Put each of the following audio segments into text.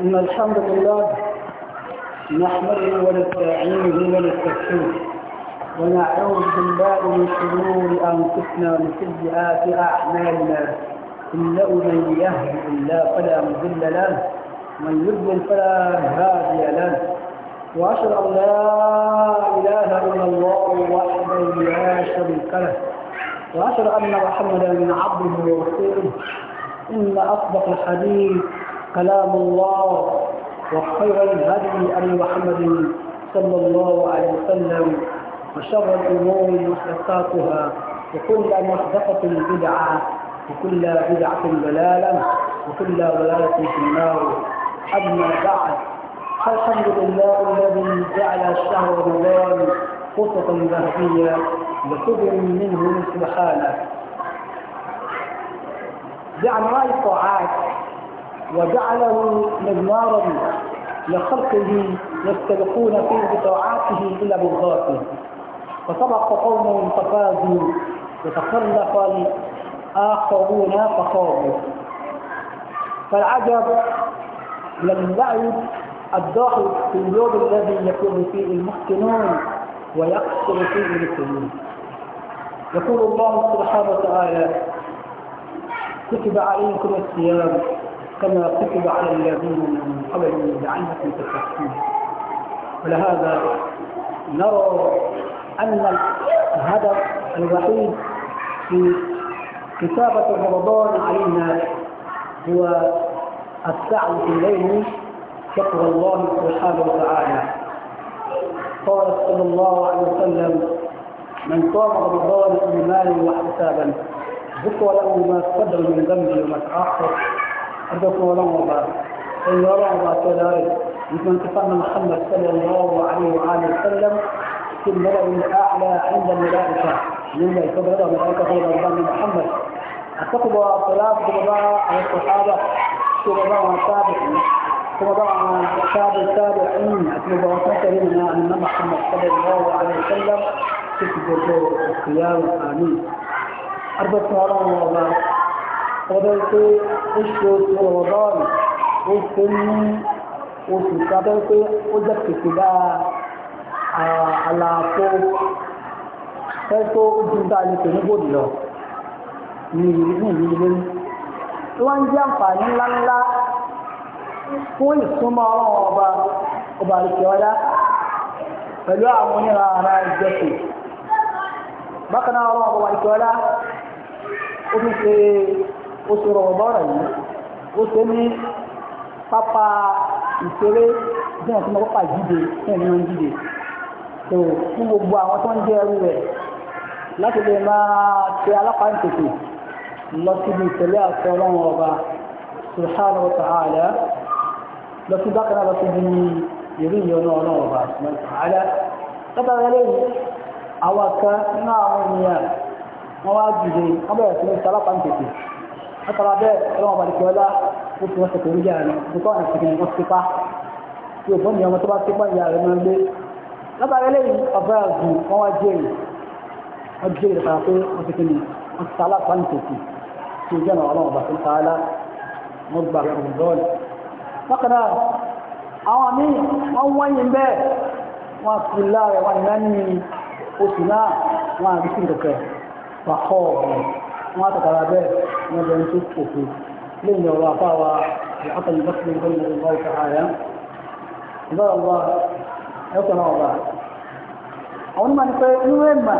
إن الحمد لله نحمده ونستعينه ونستغفره ونعوذ بالله من شرور أنفسنا ومن سيئات أعمالنا إنه من يهدي الله فلا مضل له ومن يضلل فلا هادي له وأشهد أن لا إله إلا الله وحده لا شريك له وأشهد أن محمدا عبده ورسوله إن أصدق الحديث كلام الله وخير الهدي أبي محمد صلى الله عليه وسلم وشر الأمور محدثاتها وكل محدثة بدعة وكل بدعة ضلالة وكل ضلالة في النار أما بعد فالحمد لله الذي جعل شهر رمضان فرصة ذهبية لكبر منه سبحانه جعل رأي الطاعات وجعله مزمارا لخلقه يستبقون في بطاعاته إلى مرضاته فسبق قوم ففازوا وتخلف الآخرون فخابوا فالعجب لم يعد الضاحك في اليوم الذي يكون فيه المحسنون ويقصر فيه المسلمون يقول الله سبحانه وتعالى كتب عليكم الصيام كما كتب على الذين من قبل لعلكم تتقون ولهذا نرى أن الهدف الوحيد في كتابة رمضان علينا هو السعي إليه شكر الله سبحانه وتعالى قال صلى الله عليه وسلم من صام رمضان إيمانا واحتسابا ذكر له ما قدر من ذنبه وما تأخر أردت ولم وضع إلا وضع كذلك لمن كفرنا محمد صلى الله عليه وآله وسلم في الملأ الأعلى عند الملائكة مما يكبر هذا الملائكة غير ربنا محمد أتقوا طلاب بضاعة على الصحابة في بضاعة سابقة وضع أصحاب أتقوا مباركة لنا أن محمد صلى الله عليه وسلم في تكبر القيامة آمين أربع سهران وضع tọ́jọ́ pé oṣù rọ̀rọ̀rì ó ṣe ní oṣù tọ́jọ́ pé ó jẹ́ kìkìdá àlàfo tẹ́tọ́ ojú bá lè pè ní bòdì lọ ní ìrírí ìlú ilé ní. wọ́n ń jẹ́ àǹfààní ńláńlá fún ìsúnmọ́ ọlọ́run ọba ọba àlùkò ọlá pẹ̀lú àwọn onírà ara ìjọsìn. bákan náà ọba àlùkò ọlá ó tún ṣe oṣù rọ̀mọ́rọ̀ yìí ó ṣe ní pápá ìṣeré jẹ́ ìpínlẹ̀ pápá ìdíje jẹ́ ìlú ìdíje tó fún gbogbo àwọn tó ń jẹ́ ẹrú rẹ̀ láti lè máa ṣe alápáǹtètè lọ síbi ọlọ́run ọba subhanahu wa ala. lọ sí bákan náà lọ ọlọ́run ọba àwọn kan náà wọ́n wá wọ́n bẹ̀rẹ̀ sí látara bẹ́ẹ̀ ọlọ́wọ́ balùwẹ̀ ọlá ó fi wọ́n ṣe pẹ̀lú yàrá rẹ̀ tó tọ́ àti ìgbìyànjú wọn tipa tí òbọ̀ ní ọmọ tó bá tipa ìyá rẹ̀ máa ń gbé látara eléyìí ọ̀bẹ àgùn wọn wá jẹ́ èyí wọ́n jẹ́ èyí látara pé wọ́n ti kíni wọ́n ti sálá pa nítòsí wọ́n tàbára bẹ́ẹ̀ wọ́n jẹ́ tó kòkó lẹ́yìn ọ̀rọ̀ àfáwà ìhàtà ìbáṣepọ̀ ìgbẹ́lẹ̀ ìgbà ọ̀tà ààrẹ ìgbà ọ̀wà ẹ̀kọ́ náà ọ̀bà àwọn máa ń pẹ́ irú ẹ̀mà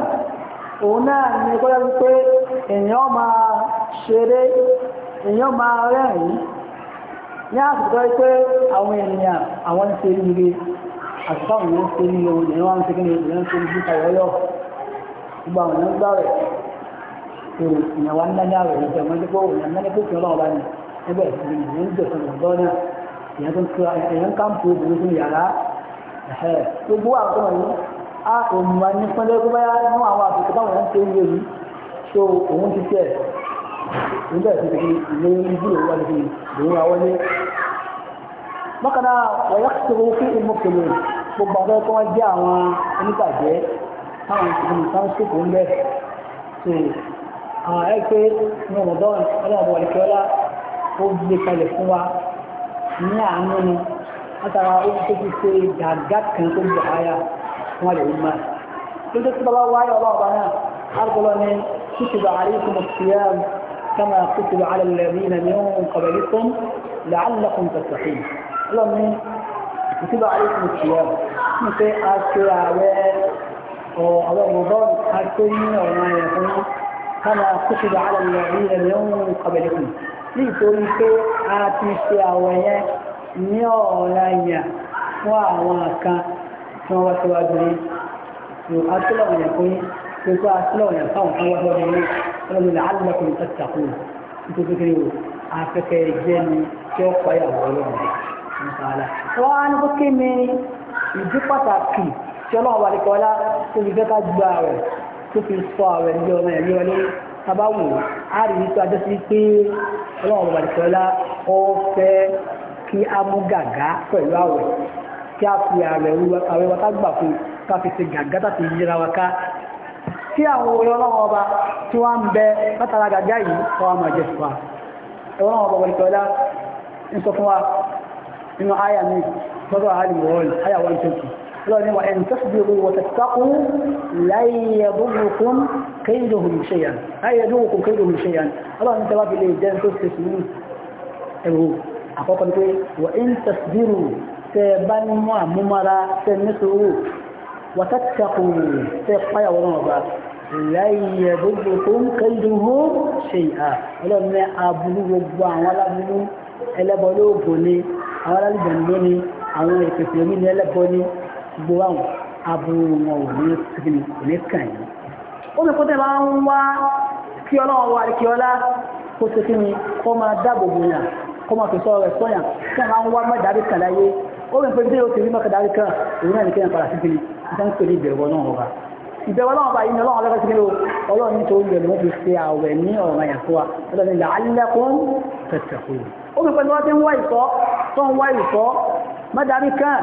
òun náà ní kọ́lá wípé èèyàn máa ṣeré èèyàn máa rẹ́rìn-ín ní àsìkò pé àwọn ènìyàn àwọn ṣe ire àsìkò àwọn ènìyàn ṣe ire ni èèyàn ń ṣe ibi kàyọ́yọ́ tó ìyẹn wá ńlá ní àwẹ̀ ìjọ máa ń dẹ́kọ̀ òun ìyẹn mẹ́lẹ́kọ̀ ìjọ ọlọ́wọ́ bá ní ẹgbẹ́ ìsinmi ìyẹn ń jọ̀sán lọ́dọ́ náà ìyẹn tó ń kí ìyẹn ká ń po obìnrin fún yàrá ẹ̀hẹ́ gbogbo àwọn tó wọ̀nyí a kò mọ ní pẹ́lẹ́ kó báyá nú àwọn àtúntò táwọn yẹn ń ṣe ń lé yìí tó òun ti tẹ̀ òun bẹ̀rẹ̀ sí ti ilé ibi òun wọlé fi lòun wá wọlé bákan náà wọ̀nyá tó wọ́n fún ìmọ̀kèlè gbogbo àwọn ẹ̀kọ́ wọn jẹ́ àwọn onígbàjẹ́ táwọn ìṣègùn sáńsìkò ń bẹ̀ tó àwọn ẹ̀ pé ní ọmọdọ́n ọlọ́mọ ìkẹ́ọ́lá ó gbé kalẹ̀ fún wa ní àánú ni látara ó ti ti ṣe gàgá kan tó gbé àyà wọn lè wúmọ́ tó tó tó bá wáyé ọlọ́ọ̀bá náà àrùkọ́lọ́ ni kutiba alaykum as-siyam kama kutiba ala alladhina min qablikum la'allakum tattaqun ọlọ́ni kutiba alaykum as-siyam ní pé a ṣe àwẹ̀ ọ̀ àwọn ọmọdọ́n a ṣe ní ọ̀rọ̀ àyẹ̀fọ́ kama kutiba ala alladhina min qablikum nítorí pé a ti ṣe àwọn yẹn ní ọ̀ranyàn fún àwọn kan tí wọ́n wá síwájú yìí yóò atúlọ̀ ọ̀yàn fún yín gbogbo atúlọ̀ ọ̀yàn fáwọn kan wá síwájú yìí ọlọ́run ní alákùnrin tó ti àkóyò nítorí pé o afẹ́kẹ́ jẹ́ ni tí ó pa ìyàwó ọlọ́run nípa ala. wọ́n á ní kó kí ni ìdí pàtàkì tí ọlọ́run wà ní kọ́lá tó fi fẹ́ ká gbà rẹ̀ tó fi sọ àwẹ̀ ní ọmọ ẹ̀mí wọlé tabawo a rí i pé adéṣe pé ọlọ́run bàbá ìṣọ́lá ọ fẹ́ kí a mú gàgá pẹ̀lú àwẹ̀ kí a fi àwẹ̀ àwẹ̀ wa ká gbà fún ká fi ṣe gàgá tàbí yíra wa ká tí àwọn ọlọ́run ọba tí wọ́n ń bẹ látara gàgá yìí wọ́n á máa jẹ fún wa ọlọ́run ọba bàbá ìṣọ́lá ń sọ fún wa nínú àyà mi lọ́dọ̀ àhálì wọ́ọ̀lù àyà 120 lọ́ni wà ẹn tọ́sídìrú wọ̀tẹ̀tọ́kù láyẹ̀dúnkùn kéèdùhùn ṣeyan ọlọ́run tẹ́wà fi lè jẹ́ tó ṣe sùúrù ẹ̀rù àkọ́kọ́ pé wà ẹn tọ́sídìrú tẹ́ bá ní mọ́ àmúmára tẹ́ ní sùúrù wọ̀tẹ̀tọ́kù tẹ́ páyà wọ́n ọba láyẹ̀dúnkùn kéèdùhùn ṣeyan ọlọ́run gbogbo àwọn aburú wọn ò ní sígbìn ní kàn yín ó ní kótó máa ń wá kí ọlọ́run wá kí ọlá kó ṣe kí ni kó máa dáàbò bò yàn kó máa fi sọ̀rọ̀ rẹ̀ sọ́yàn kí àwọn wá mẹ́dàbí kàláyé ó ní pẹ́ẹ́dé ó ti rí mẹ́kàdárí kan òun náà ní kéèyàn padà sígbìn ìtàn pé ní ìbẹ̀rù ọlọ́run ọba ìbẹ̀rù ọlọ́run ọba yìí ni ọlọ́run ọlọ́run sígbìn ọlọ́run nítorí rẹ̀ ló fi ṣe àwẹ̀ ní ọ̀rọ̀ àyàfọ́wà ọlọ́run ilẹ̀ alẹ́kùn tẹ̀tẹ̀kùn ó ní pẹ́ẹ́dé wọ́n ti ń wá ìsọ́ tó ń wá ìsọ́ mẹ́dàbí kan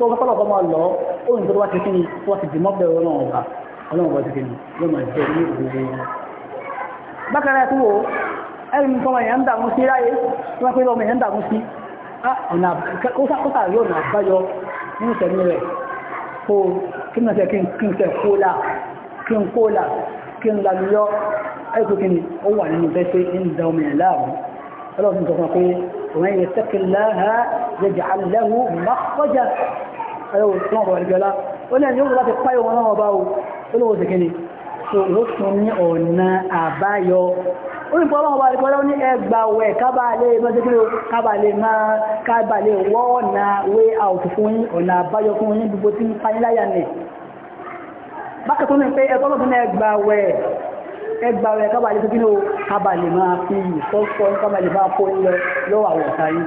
tó ń tọ́lọ̀ fọmọ lọ ó ní tó wá ti kí ni wọ́n ti dìmọ́ bẹ̀rẹ̀ ọlọ́run ọba ọlọ́run ọba ti kí ni yóò máa jẹ ní ìgbòho bákan náà tó wò ẹ̀rù mi fọmọ yẹn ń dààmú sí ráyé tí wọ́n pé lọ́mọ yẹn ń dààmú sí kóta yóò nà báyọ nínú tẹ̀mí rẹ̀ kó kí mọ̀ tẹ̀ kí n tẹ̀ kóla kí n kóla kí n lalúyọ́ ẹ̀kọ́ kí ni ó wà nínú bẹ́ẹ̀ pé ń da ẹ̀rọ ìsúná ọ̀bọ̀ ìgbẹ́lá ó ní ẹ̀yìn láti páyọ̀ wọn náà bá o ó lówó sì kíni so ó tún ní ọ̀nà àbáyọ ó ní pọ́lọ́ ọba ìgbẹ́lá ó ní ẹgbàwẹ̀ kábàlẹ̀ mọ́síkúrò kábàlẹ̀ máa kábàlẹ̀ wọ́ ọ̀nà way out fún yín ọ̀nà àbáyọ fún yín gbogbo tí ń pa yín láyà nì bákan tó ní pé ẹgbọ́n tó ní ẹgbàwẹ̀ ẹgbàwẹ̀ kábàlẹ̀ tó kí ní o kábàlẹ̀ máa fi ìsọ́sọ́ kábàlẹ̀ máa kó yín lọ́wọ́ àwọ̀ ọ̀tá yín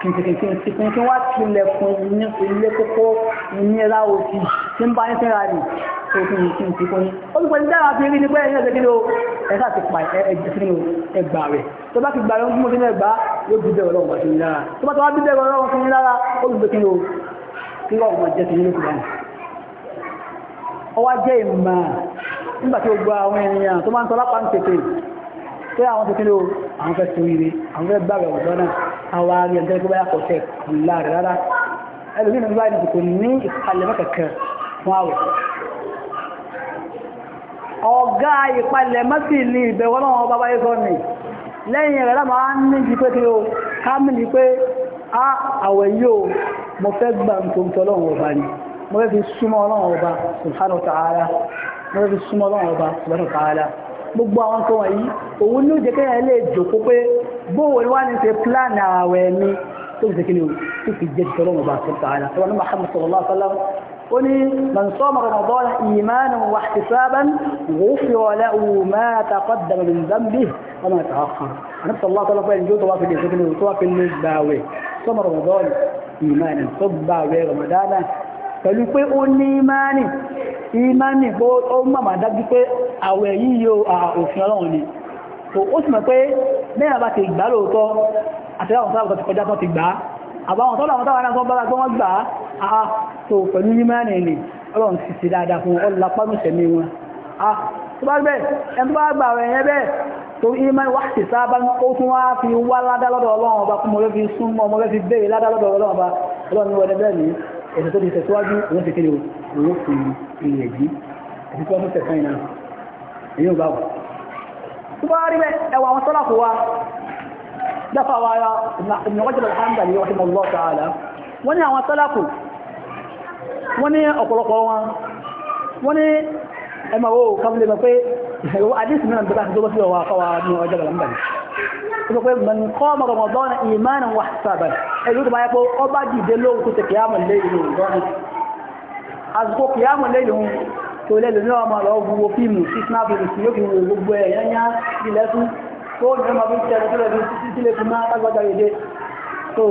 kìkìkìkì kí wọ́n ti lẹ̀ fún ilé kókó ìnira òsì tí ń bá ní fẹ́ra rẹ̀ tó fún ìsí ìsí kọ́ ní olùpọ̀ ní dára fi rí ní pé ẹ̀yìn ọ̀sẹ̀kí ló ẹ̀sà ti pa ẹ̀jẹ̀ sínú ẹgbà rẹ̀ tó bá ti gbà rẹ̀ mú sínú ẹgbà yóò bí bẹ̀rẹ̀ ọlọ́run sí lára tó bá ti wá bí bẹ̀rẹ̀ ọlọ́run sí lára olùpẹ̀kí ló kí ọmọ jẹ́ sí nínú kùdánù ọwá jẹ́ ìmà nígbà àwọn àmì ẹ̀dẹ́ gbogbo yàtọ̀ tẹ̀ láàrin rárá ẹlòmí náà báyìí kò ní ìpalẹ̀mọ́ kankan fún àwẹ̀ ọ̀gá ìpalẹ̀mọ́ sì ní ìbẹ̀wọ́ ni lẹ́yìn rẹ̀ láàmà á ní jí pé kí o ká mì ní pé á àwẹ̀ yóò mo fẹ́ gbà ń tó ń tọ́ lọ́wọ́ ọba ni mo fẹ́ fi súnmọ́ ọlọ́wọ́ ọba subhanahu wa ta'ala mo fẹ́ fi súnmọ́ ọlọ́wọ́ ọba subhanahu wa gbogbo àwọn nǹkan wọ̀nyí òun ló jẹ́ kéèyàn lè jòkó pé bóòwò ni wá ní ṣe pílánì ààwẹ̀ mi tó fi ṣe kí ni o tó fi jẹ́ ìṣọ́lọ́ ọba àṣọ́ta àlà tó wà ní Muhammad sallallahu alaihi wasallam ó ní man sama Ramadan imanan wa ihtisaban ghufira lahu ma taqaddama min dhanbihi wa ma ta'akhkhara àti sallallahu alaihi wasallam ẹni tó wá fi lè ṣe kí ni o tó wá pẹ̀lú pé ó ní ìmáànì ìmáànì pé ó mọ̀mà dájú pé àwẹ̀ yìí yóò òfin ọlọ́run ni so ó sì mọ̀ pé mẹ́rin bá ti gbà lóòótọ́ àtẹ́láwọn sáàbùkọ́ ti kọjá tán ti gbà àbáwọn tọ́lá àwọn táwọn aráàlú bára gbọ́n gbà á so pẹ̀lú ìmáànì ni ọlọ́run sì sí dáadáa fún ọlọ́lápánù sẹ̀mí wọn ah tó bá bẹ́ẹ̀ ẹni tó bá gbà rẹ̀ yẹn bẹ́ẹ̀ tó ìmáànì wá sì sábà ó tún wá fi wá ládá lọ́dọ̀ ọlọ́run ọba fún mo lè fi súnmọ́ mo lè fi béèrè ládá lọ́dọ̀ ọlọ́run ọba ọlọ́run ní wọ́n ẹ̀sẹ̀ tó ti tẹ̀síwájú wọ́n ti kéde owó fi ilẹ̀ yìí àti tí wọ́n mú tẹ̀sán iná èyí ò bá wù. tó bá rí bẹ́ ẹwà àwọn sọ́lá kò wá dáfà wa ya ìnáwájú lọ hàn dàní wọ́n ti mọ̀ lọ́ sàálà wọ́n ní àwọn sọ́lá kò wọ́n ní ọ̀pọ̀lọpọ̀ wọn wọ́n ní ẹ̀mọ̀ wo kàbílẹ̀ mọ̀ pé àdìsí mìíràn tó bá ti tó bọ́ sí ọwọ́ àfọwà ní ọjọ́ sọ pé mọ̀ nǹkan ọmọ Ramadan ìmáàna wà sábà ẹ̀rú tó bá yẹ pé ọ bá dìde lóhun tó tẹ̀kẹ́ àmọ̀ lẹ́yìn Ramadan àsìkò kìyàmọ̀ lẹ́yìn tó lẹ́lẹ̀ ní ọmọ lọ wo fíìmù sí snapchat sí yóò fi wo gbogbo ẹ̀ yányá ilẹ̀ tún tó ní ọmọ bí tẹ̀lé tó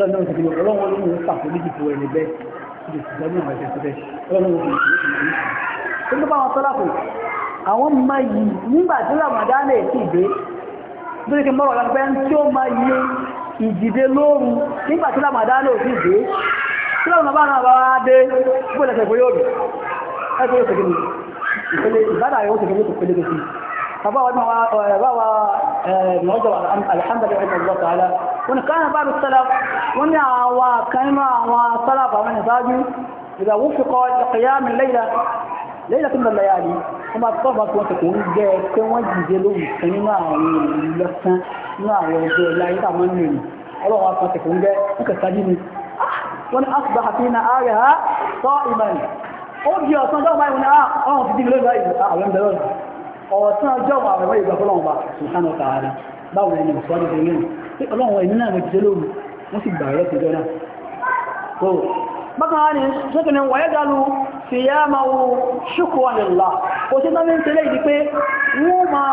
lọ́nà òsì kìlọ̀ ọlọ́run ló ń pàṣẹ méjì fún ẹni bẹ́ẹ̀ lè sì lọ́nà àwọn ẹ̀sẹ̀ bẹ́ẹ̀ ọlọ́run ló ń pàṣẹ méjì fún ẹni bẹ́ẹ̀. tó ń bá wọn tọ́lá kù àwọn máa yí nígbà tí Ramadan ẹ̀ sì dé lórí kí mọ́rọ̀ lápẹ́ tí ó máa yí ìjìdé lóru nígbà tí Ramadan ẹ̀ sì dé tí lọ́nà bá náà bá wá dé gbọ́dọ̀ ẹ̀sẹ̀ ìfọyọ́ فبابا بابا نوجب الحمد لله رحمه الله تعالى وان كان بعض السلف وان وكلمة وسلف من ساجي إذا وفق قيام الليلة ليلة من الليالي وما تصبح كون تكون جاي كون جيلو كلمة لسان ما وجه لا يتمنى الله أصلا تكون جاي وكساجي وان أصبح فينا آيها صائما أوجه أصلا دوما يقول آه أوه في دي بلوز آه أولا بلوز ọ̀tán ọjọ́ àwọn ìgbà fọ́lọ́wọ́n bá sùnkánà tààrà báwọn ẹni ìfọ́dé ṣe yìí tí ọlọ́wọ́n ẹni náà mo ti ṣe lóru wọ́n sì gbàrẹ́ ti jọ náà so bákan wá ní sókèlè wọ́yẹ́ dálú fi yá máa wo ṣùkú wà nílá kò sí tọ́mí ń tẹ́lẹ̀ ìdí pé wọ́n máa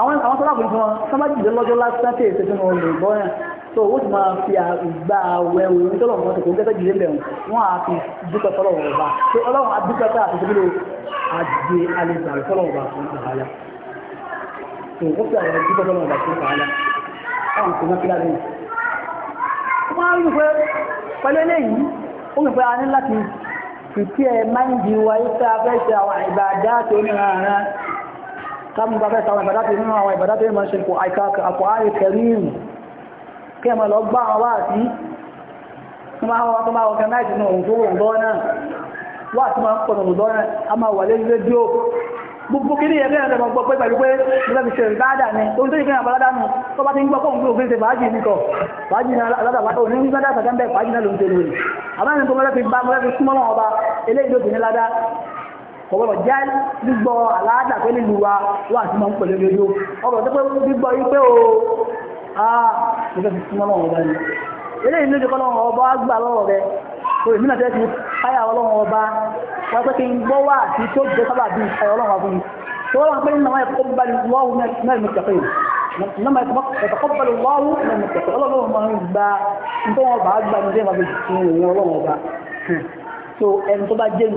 àwọn àwọn sábàbù fún wọn sábàbù jẹ lọ́jọ́ lásán tí èsì fún olè bọ́ yẹn so ó ti máa fi àgbà wẹ òun tó lọ́wọ́ tó kó gẹ́gẹ́ jìlé bẹ̀rù wọn á fi dúpẹ́ fọlọ́wọ́ ọba pé ọlọ́run adúpẹ́ pé àti ìdílé àjẹ alẹ́gbàrẹ́ fọlọ́wọ́ ọba fún ìhàlà so ó fi àwọn dúpẹ́ fọlọ́wọ́ ọba fún ìhàlà káwọn kò ná kí lábẹ́ yìí. wọ́n á rí pé pẹ̀lú eléyìí ó mi pé a ní láti fìtí ẹ̀ máìndì wa yìí tá a fẹ́ ṣe àwọn ìbàdá tó ní káàmù bá fẹ́ sàwọn ìbàdá tó nínú àwọn ìbàdá tó yẹ máa ṣe kò àìká àpò ààrẹ kẹrìnrìn kí ẹ máa lọ gbá àwọn wáàtí tó máa wọ́n tó máa wọ́n kẹ́ńtà ìtìnú òun tó wọ́n lọ́wọ́ náà wáàtí máa ń pọ̀ nù lọ́wọ́ náà a máa wà lórí rédíò gbogbo kí ni ẹgbẹ́ ẹ̀rọ ẹ̀rọ gbọ́ pé pẹ̀lú pé mo fẹ́ fi ṣe ni ohun tó yẹ kí n àbáládà nù tó bá ti ń gbọ́ fóun pé òfin ṣe fàájì ní kọ̀ fàájì náà aládà wà ó ní ń gbádà sàkẹ́ńbẹ́ fàájì náà ló ń tẹ̀lé àbáyé ní kó mo fẹ́ fi bá mo fẹ́ fi súnmọ́ náà ọba eléyìí ló bìnrin kọ̀wọ́rọ̀ jẹ́ gbígbọ́ aláàdà pé nílùú wa wà sí máa ń pẹ̀lú rédíò ọ̀rọ̀ tó pé gbígbọ́ yí o ah mo fẹ́ fi súnmọ́ náà ọba ni eléyìí ló dé kọ́ lọ́wọ́ ọba wá gbà lọ́wọ́ rẹ o èmi náà tẹ́sí káyà ọlọ́wọ́ ọba wọ́n pé kí n gbọ́ wà sí tó jẹ́ sábà nama ẹ̀tọ́kọ́bẹ̀lú wọ́wọ́ mẹ́rin mẹ́tẹ̀kẹ́ ọlọ́wọ́ máa ń gba nítorí wọn bá gba nítorí wọn bá fi sun ìwọ̀n ọlọ́wọ́ so ẹni tó bá jẹ́ ní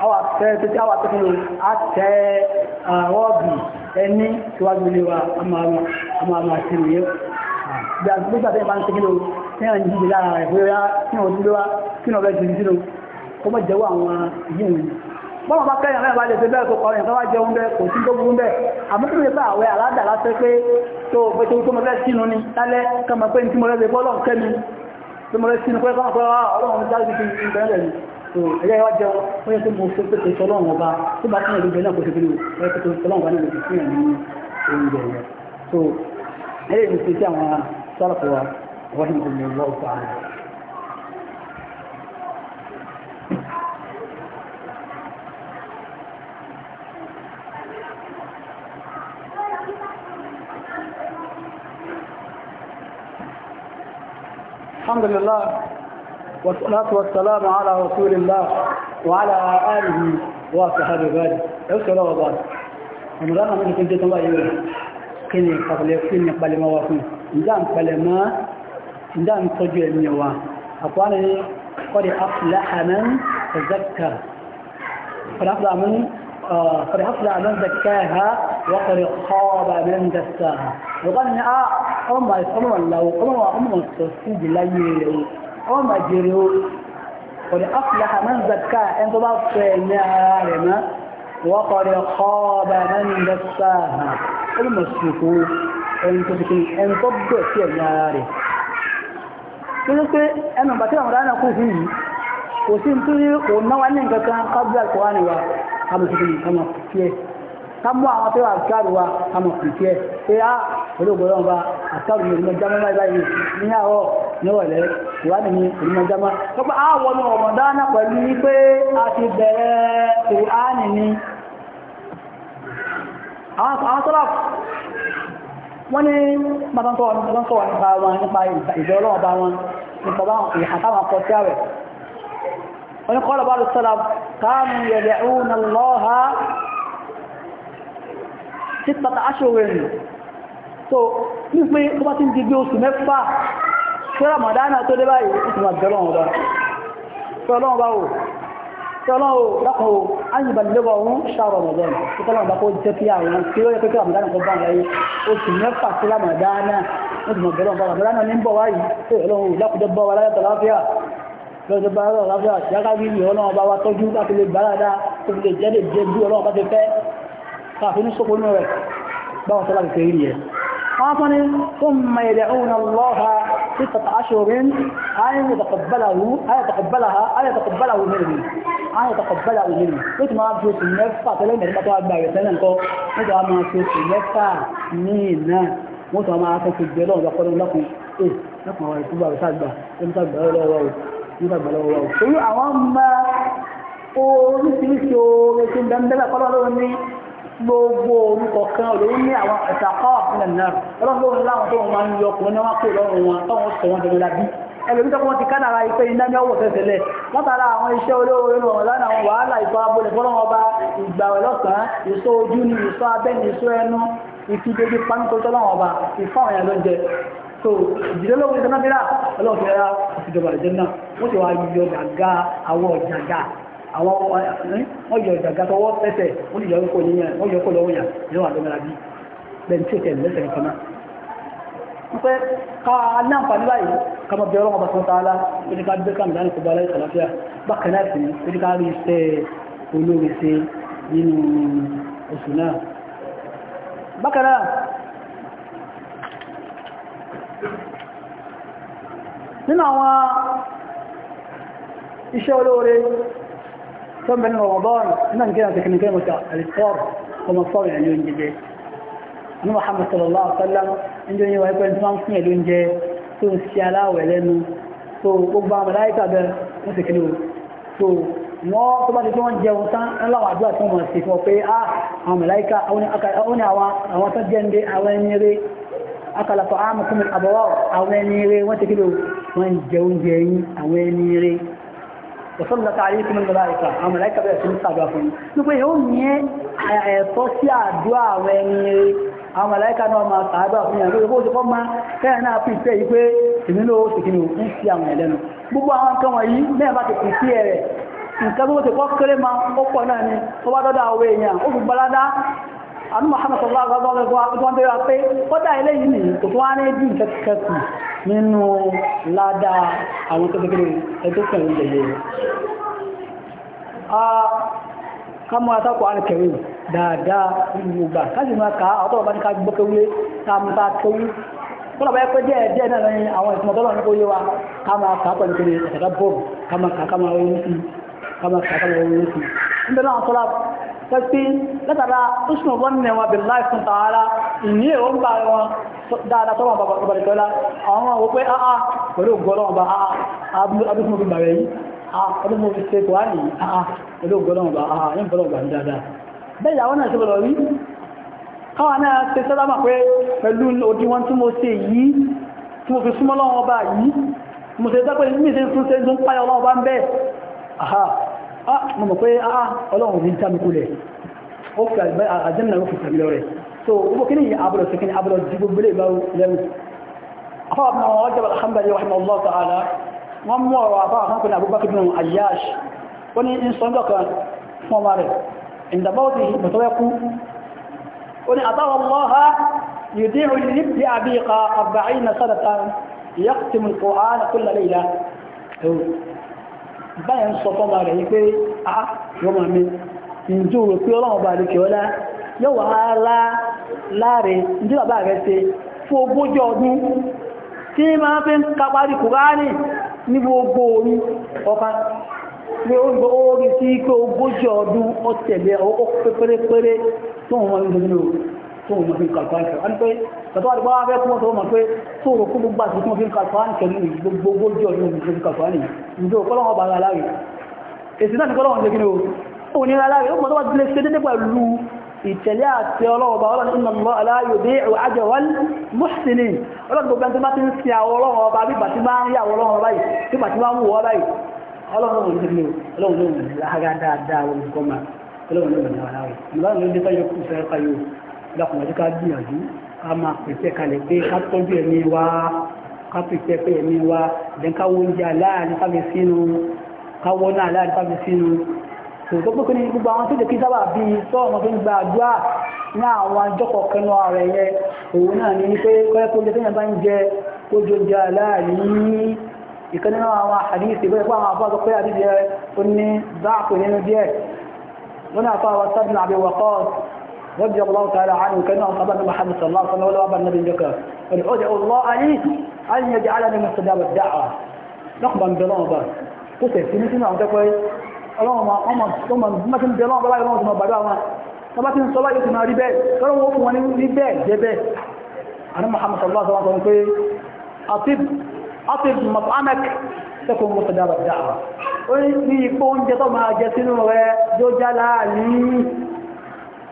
àwọn àtẹ́ títí àwọn àtẹ́ fúnlò àtẹ́ àwọ́bì ẹni tíwájú ilé wa àmàmà sí rèé bí àgbégbà tẹ́ bá ń tẹ́kílò tí wọ́n jíjì lára rẹ̀ bóyá tí wọ́n dúró wá kí wọ́n bẹ́ẹ̀ jù sílò kó mọ́ jẹ́wọ́ àwọn yìí bọ́n bá kẹ́yìn àwọn ìbálẹ̀ tó bẹ́ẹ̀ tó kọrin tó wá jẹun bẹ́ẹ̀ kò sí tó burú bẹ́ẹ̀ àmọ́ tó lè bá àwẹ̀ aládà lásán pé tó o pé tó tó mo fẹ́ sínú ni lálẹ́ kọ́ mọ̀ pé ní tí mo rẹ́ lè bọ́ lọ́ọ̀ kẹ́mi tó mo sínú pé kọ́ mọ̀ ah, ọlọ́run dá ti ìbẹ̀rẹ̀ mi tó ẹ̀yẹ́ wá jẹun ó yẹ kó mo fẹ́ pé tòótọ́ lọ́wọ́ ọba tó bá tún ìlúgbẹ́ náà kó ṣe bí ó yẹ kó tòótọ́ lọ́wọ́ Alhamdulillah والصلاة والسلام على رسول الله وعلى آله وصحبه أجمعين. أرسل وضال. أمرنا من كنت تبايعه. كني قبل كني قبل ما وصل. إنذام قبل ما إنذام تجوا النوى. أقوله قد أصلح من تزكى. قد أصلح من آه، قد أصلح من زكاها وقد خاب من دساها. وقال أمة أمة لو أمة أمة تسجل لي ọ́n mà jèrè o ọ̀dẹ̀ afúláhà máa ń zaka ẹni tó bá fọ ẹ̀mí ara rẹ̀ mọ́ wọ́n kọ́ rẹ̀ kọ́ ọba máa ń lọ sáà ó lè mọ̀ sùkú ẹni tó fi ẹni tó bẹ̀ sí ẹ̀mí ara rẹ̀ tó ní pé ẹnu bàtí àwọn ọ̀rọ̀ náà kú yìí kò sí ní torí kò náwó ní nǹkan kan kábíyà kò wá níwá amòfin ọmọ fìfìẹ́ ká mú àwọn tó wà káàrù wa amòfin fìfìẹ́ pé á ah, olóògbé ọlọ́run bá àtàrù mi ò ní ọjọ́ níwọ̀lẹ́ ìwádìí ní ìrìnàjámá tó pé àwọn ọmọ ọmọdáná pẹ̀lú wípé a ti bẹ̀rẹ̀ kùránì ni àwọn tọ́lá wọ́n ní mọ́tọ́ntọ́ nípa wọn nípa ìbẹ̀ ọlọ́wọ́ bá wọn nípa bá àtàwọn akọ sí àwẹ̀ wọ́n ní kọ́lọ̀ títàtà aṣòwò ẹ̀rìn so ní pé tó bá ti ń di bí oṣù mẹ́fà kí ramadana tó dé báyìí ó ti máa bẹ̀rẹ̀ ọ̀rọ̀ tọ́lọ́wọ́ bá wò tọ́lọ́wọ́ dákọ̀ wò á yìnbà lébọ̀ ọ̀hún ṣàrọ̀ ramadan tó tọ́lọ́wọ́ bá kó jẹ́ kí àwọn tí ó yẹ pé kí ramadana kó bá wọn láyé oṣù mẹ́fà sí ramadana ó ti máa bẹ̀rẹ̀ ọ̀rọ̀ ramadana ní bọ̀ wáyìí tó ọlọ́wọ́ lákùjọ bọ́ wa láyàtọ̀ láfíà lọ́jọ́ bá rọ̀ láfíà yáká bí ìyẹn ọlọ́wọ́ bá wa ستة أشهر أن يتقبله أن يتقبلها أن يتقبله مني أن يتقبله مني قلت ما أبدو سنفة تلين مرمتها أبدا يسنن قلت ما أبدو سنفة مين wọ́n tó máa fẹ́ fún ìgbẹ́lọ́ ọ̀dọ́kọ́lọ́ lọ́kùn ẹ̀ lọ́kùn àwọn ìtúbà rẹ̀ sáàgbà ẹ̀mítàgbà lọ́wọ́ ìtàgbà lọ́wọ́ torí àwọn ọmọ oríṣiríṣi oore tí ń bẹ́ẹ̀ bẹ́ẹ̀ kọ́lọ́ lọ́wọ́ ní gbogbo orúkọ kan olóhùn ní àwọn ìtàkọ́ ìpínlẹ̀ náà ọlọ́gbọ́n láwọn tó wọn máa ń yọ ọkùnrin náà wọ́n pè lọ́rùn wọn tọ́wọ́n sọ wọn dẹ̀mẹ́lá bí ẹlòmí tó kọ́ ti ká dára ipe iná ní ọwọ́ tẹ̀tẹ̀lẹ̀ wọ́n tara àwọn iṣẹ́ olóore wọn lánàá àwọn wàhálà ìfarabọlẹ̀ fọ́lọ́wọ́n ọba ìgbàwẹ̀ lọ́sàn-án ìṣó ojú ni ìṣó abẹ́ ni ìṣó ẹnu ìfidodo pánítọ́tọ́ láwọn ọba ìfáwọn yẹn ló ń jẹ so ìdílélógún ìdánábírà ọlọ́ọ̀fẹ́ ìjọba ìjọ náà wọ́n ti wá yọ gàgà àwọn ọ̀jàgà àwọn wọ́n yọ ìdàgá tọwọ́ tẹ́tẹ̀ wọ́n yọ ọkọ̀ yẹn wọ́n yọ ọkọ̀ lọ́wọ́ yà yọ wà lọ́mọ́ra bí bẹ́ẹ̀ tí ó tẹ̀ lẹ́sẹ̀ nǹkan náà wọ́n pẹ́ ká láǹfààní báyìí ká mọ̀ bẹ̀rẹ̀ ọmọ bàtàn tààlà ó ní ká gbé ká mìíràn kó balẹ̀ nínú àwọn iṣẹ́ olóore ثم من رمضان من كان تكنيكية متى الإفطار ومصاب يعني ينجي أنا محمد صلى الله عليه وسلم عنده يوم يكون إنسان سنة ينجي tó ń ṣe aláwẹ̀ lẹ́nu tó gbogbo àwọn aláìkà bẹ ń sì kìlú tó wọ́n tó bá ti tó wọ́n jẹun tán ńláwọ̀ àdúrà tí wọ́n sì fọ́ pé á àwọn aláìkà ó ní àwọn tó jẹ́ ndé àwọn ẹni eré akàlàfọ̀ àmì fún mi àbọ̀wọ̀ àwọn ẹni eré wọ́n ti kìlú wọ́n jẹ oúnjẹ yín àwọn ẹni eré وصلت عليكم الملائكة الملائكة بẹ̀rẹ̀ sí ní sàdúrà fún yín nípa yóò ní ẹ̀tọ́ sí àdúrà àwọn ẹni àwọn màláíkà náà máa sàádọ́ fún ìyàn lórí bó ti kọ́ máa kẹ́yàn náà fi ìfẹ́ yìí pé èmi ló ti kí ni ò ń fi àwọn ẹ̀lẹ́nu gbogbo àwọn nǹkan wọ̀nyí mẹ́rin bá ti kù sí ẹ̀rẹ̀ nǹkan bó ti kọ́ kéré ma ó pọ̀ náà ni ó bá dọ́dọ̀ nínú ládá àwọn tó gẹ́gẹ́ ẹ̀tọ́ pẹ̀lú jẹ̀yẹ̀ rẹ̀. a kama àtàkọ̀ alìkẹ̀rẹ̀ dáadáa gbogbo káàkiri máa ká ọ̀tọ̀ bá ní ká gbọ́kẹ́wé tàbí kéwú kọ́nà bá yẹ pé díẹ̀ díẹ̀ náà ní àwọn ìtumọ̀ tọ́lọ̀ ní kó yé wa ká máa kà pẹ̀lú pé ẹ̀tàdá pẹ́pẹ́ látara oṣù ọgbọ́nà wọn bí láì fún tààrà ìní èrò ń bá wọn dáadáa tọ́wọ́n bàbá ọba ìtọ́lá àwọn ọmọ wọ́pẹ́ àà ah, ah, pẹ̀lú ògbọ́lọ́wọ́n bá àà ah, abúrúfún fi bàrẹ̀ yìí àà ọdún mo fi ṣe kò áyì àà pẹ̀lú ògbọ́lọ́wọ́n bá àà yẹn bọ́lọ́wọ́n bá dáadáa bẹ́ẹ̀ yàwó náà ṣe bọ̀lọ̀ rí káwọn náà ṣe sálámà pé pẹ̀lú òdiwọ̀n tí mo ṣe yìí tí mo fi súnmọ́ lọ́wọ́ bá yìí mo ṣe dápẹ́ mi ṣe tún ṣe ń páyọ̀ lọ́wọ́ bá ń bẹ́ẹ̀ ah mo mọ̀ pé ah, ah ọlọ́run ní já mi kulẹ̀ ó fi àjẹ́mì náà ó fi tàbí lọ́rẹ̀ so gbogbo kí ni yìí abúlọ̀ sí kí ni abúlọ̀ di gbogbo lè báwú lẹ́nu àwọn kan Abubakar bin Ayyash báyẹ̀ ń sọ fọ́mà rẹ̀ wípé àá ma mi ìjú rò pé ọlọ́run bá lè kẹ́ọ́lá yóò láàrẹ ìjú bàbá rẹ̀ ṣe fún ogójì ọdún tí máa fi ń kápárí kùránì ní gbogbo orí ọkà pé sí pé ogójì ọdún ọkọ̀ pẹ́pẹ́rẹ́pẹ́rẹ́ tó tó o fi kàlùfà ṣe wọ́n pé tọ́tọ́ àdúgbò wá fẹ́ kúmọ̀ tó mọ̀ pé tó o kú gbogbo àti tó fi kàlùfà ń kẹ̀lú gbogbo jọ ní omi fi kàlùfà ní ìjọ kọ́lọ́wọ́ bá ara láre èsì náà ti kọ́lọ́wọ́ ṣe kí ni o ò ní ara láre ó mọ̀ tó wá ti lè ṣe dédé pẹ̀lú ìtẹ̀lé àti ọlọ́wọ́ bá ọlọ́run iná lọ aláyòdé ẹ̀wọ̀ ajẹ́wọ́n mọ́sílì ọlọ́run gbogbo ẹni bá ti ń sin àwọn ọlọ́run ọba bí bàtí máa ń yà àwọn ọlọ́run ọba yìí bí bàtí máa ń wù ọba yìí ọlọ́run ò ní ọlọ́run ò ní lára dáadáa olùkọ́ máa ọlọ́run ò ní ọ̀la rẹ̀ ọlọ́run ò ní fẹ́ yọkù fẹ́ fayó lápò àti ká gbìyànjú ká máa pèsè kalẹ̀ pé ká tọ́jú ẹ̀mí wa ká pèsè pé ẹ̀mí wa dẹ̀ ká wo oúnjẹ aláàrí káfí sínú ká wọ́n náà aláàrí káfí sínú tòótọ́ pé kí ni gbogbo àwọn tó jẹ́ kí sábà bí sọ́ọ̀mọ́ tó ń gba àdúrà ní àwọn àjọkọ̀ kẹnu ara ẹ̀yẹ òun náà ní pé kọ́lẹ́ kó jẹ tó yẹn bá ń jẹ kó jọ jẹ aláàrí ìkànnì náà àwọn àdìsí bẹ́ẹ̀ fún àwọn àbúrò àti pé ó ní báàkù nínú díẹ̀ wọ́n náà fọ́ àwọn sábìnà àbẹ̀wọ̀ kọ́ọ̀sì رضي الله تعالى عنه كان قبل محمد صلى الله عليه وسلم ولا أبا النبي ذكر ادعو الله لي أن يجعلني مستجاب الدعوة نقبل بلغة kó tẹ̀ sí ní sínú àwọn tẹ́kọ́ ọlọ́run ọmọ ọmọ tí ń bẹ̀rẹ̀ ọlọ́run ọlọ́run ọmọ bàbá wọn tọba tí ń sọ láyé tìmọ̀ rí bẹ́ẹ̀ tọ́rọ wọn fún wọn ní bẹ́ẹ̀ jẹ́ bẹ́ẹ̀ àní Muhammad sallallahu alaihi wasallam pé atib atib matamek tẹ́kọ̀ mọ́ sọ̀dá bàbá ó ní ipò oúnjẹ tó máa jẹ sínú rẹ̀ yóò já láàrin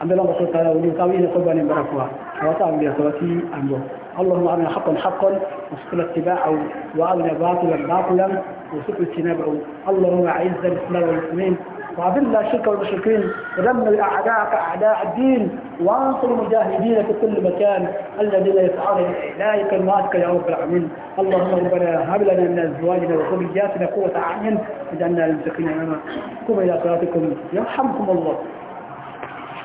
عندما رسول الله ولي قويه قربان بركوها وطعم بيصلتي أمره اللهم أرنا حقا حقا وسكل اتباعه وأرنا باطلا باطلا وسكل اجتنابه اللهم أعز الإسلام والمسلمين وأذل الشرك والمشركين ودمر الاعداء أعداء الدين وانصر المجاهدين في كل مكان الذين يسعون إلى إليك المعاتك يا رب العالمين اللهم ربنا هب لنا من أزواجنا وذرياتنا قوة أعين اجعلنا للمتقين إماما قم إلى صلاتكم يرحمكم الله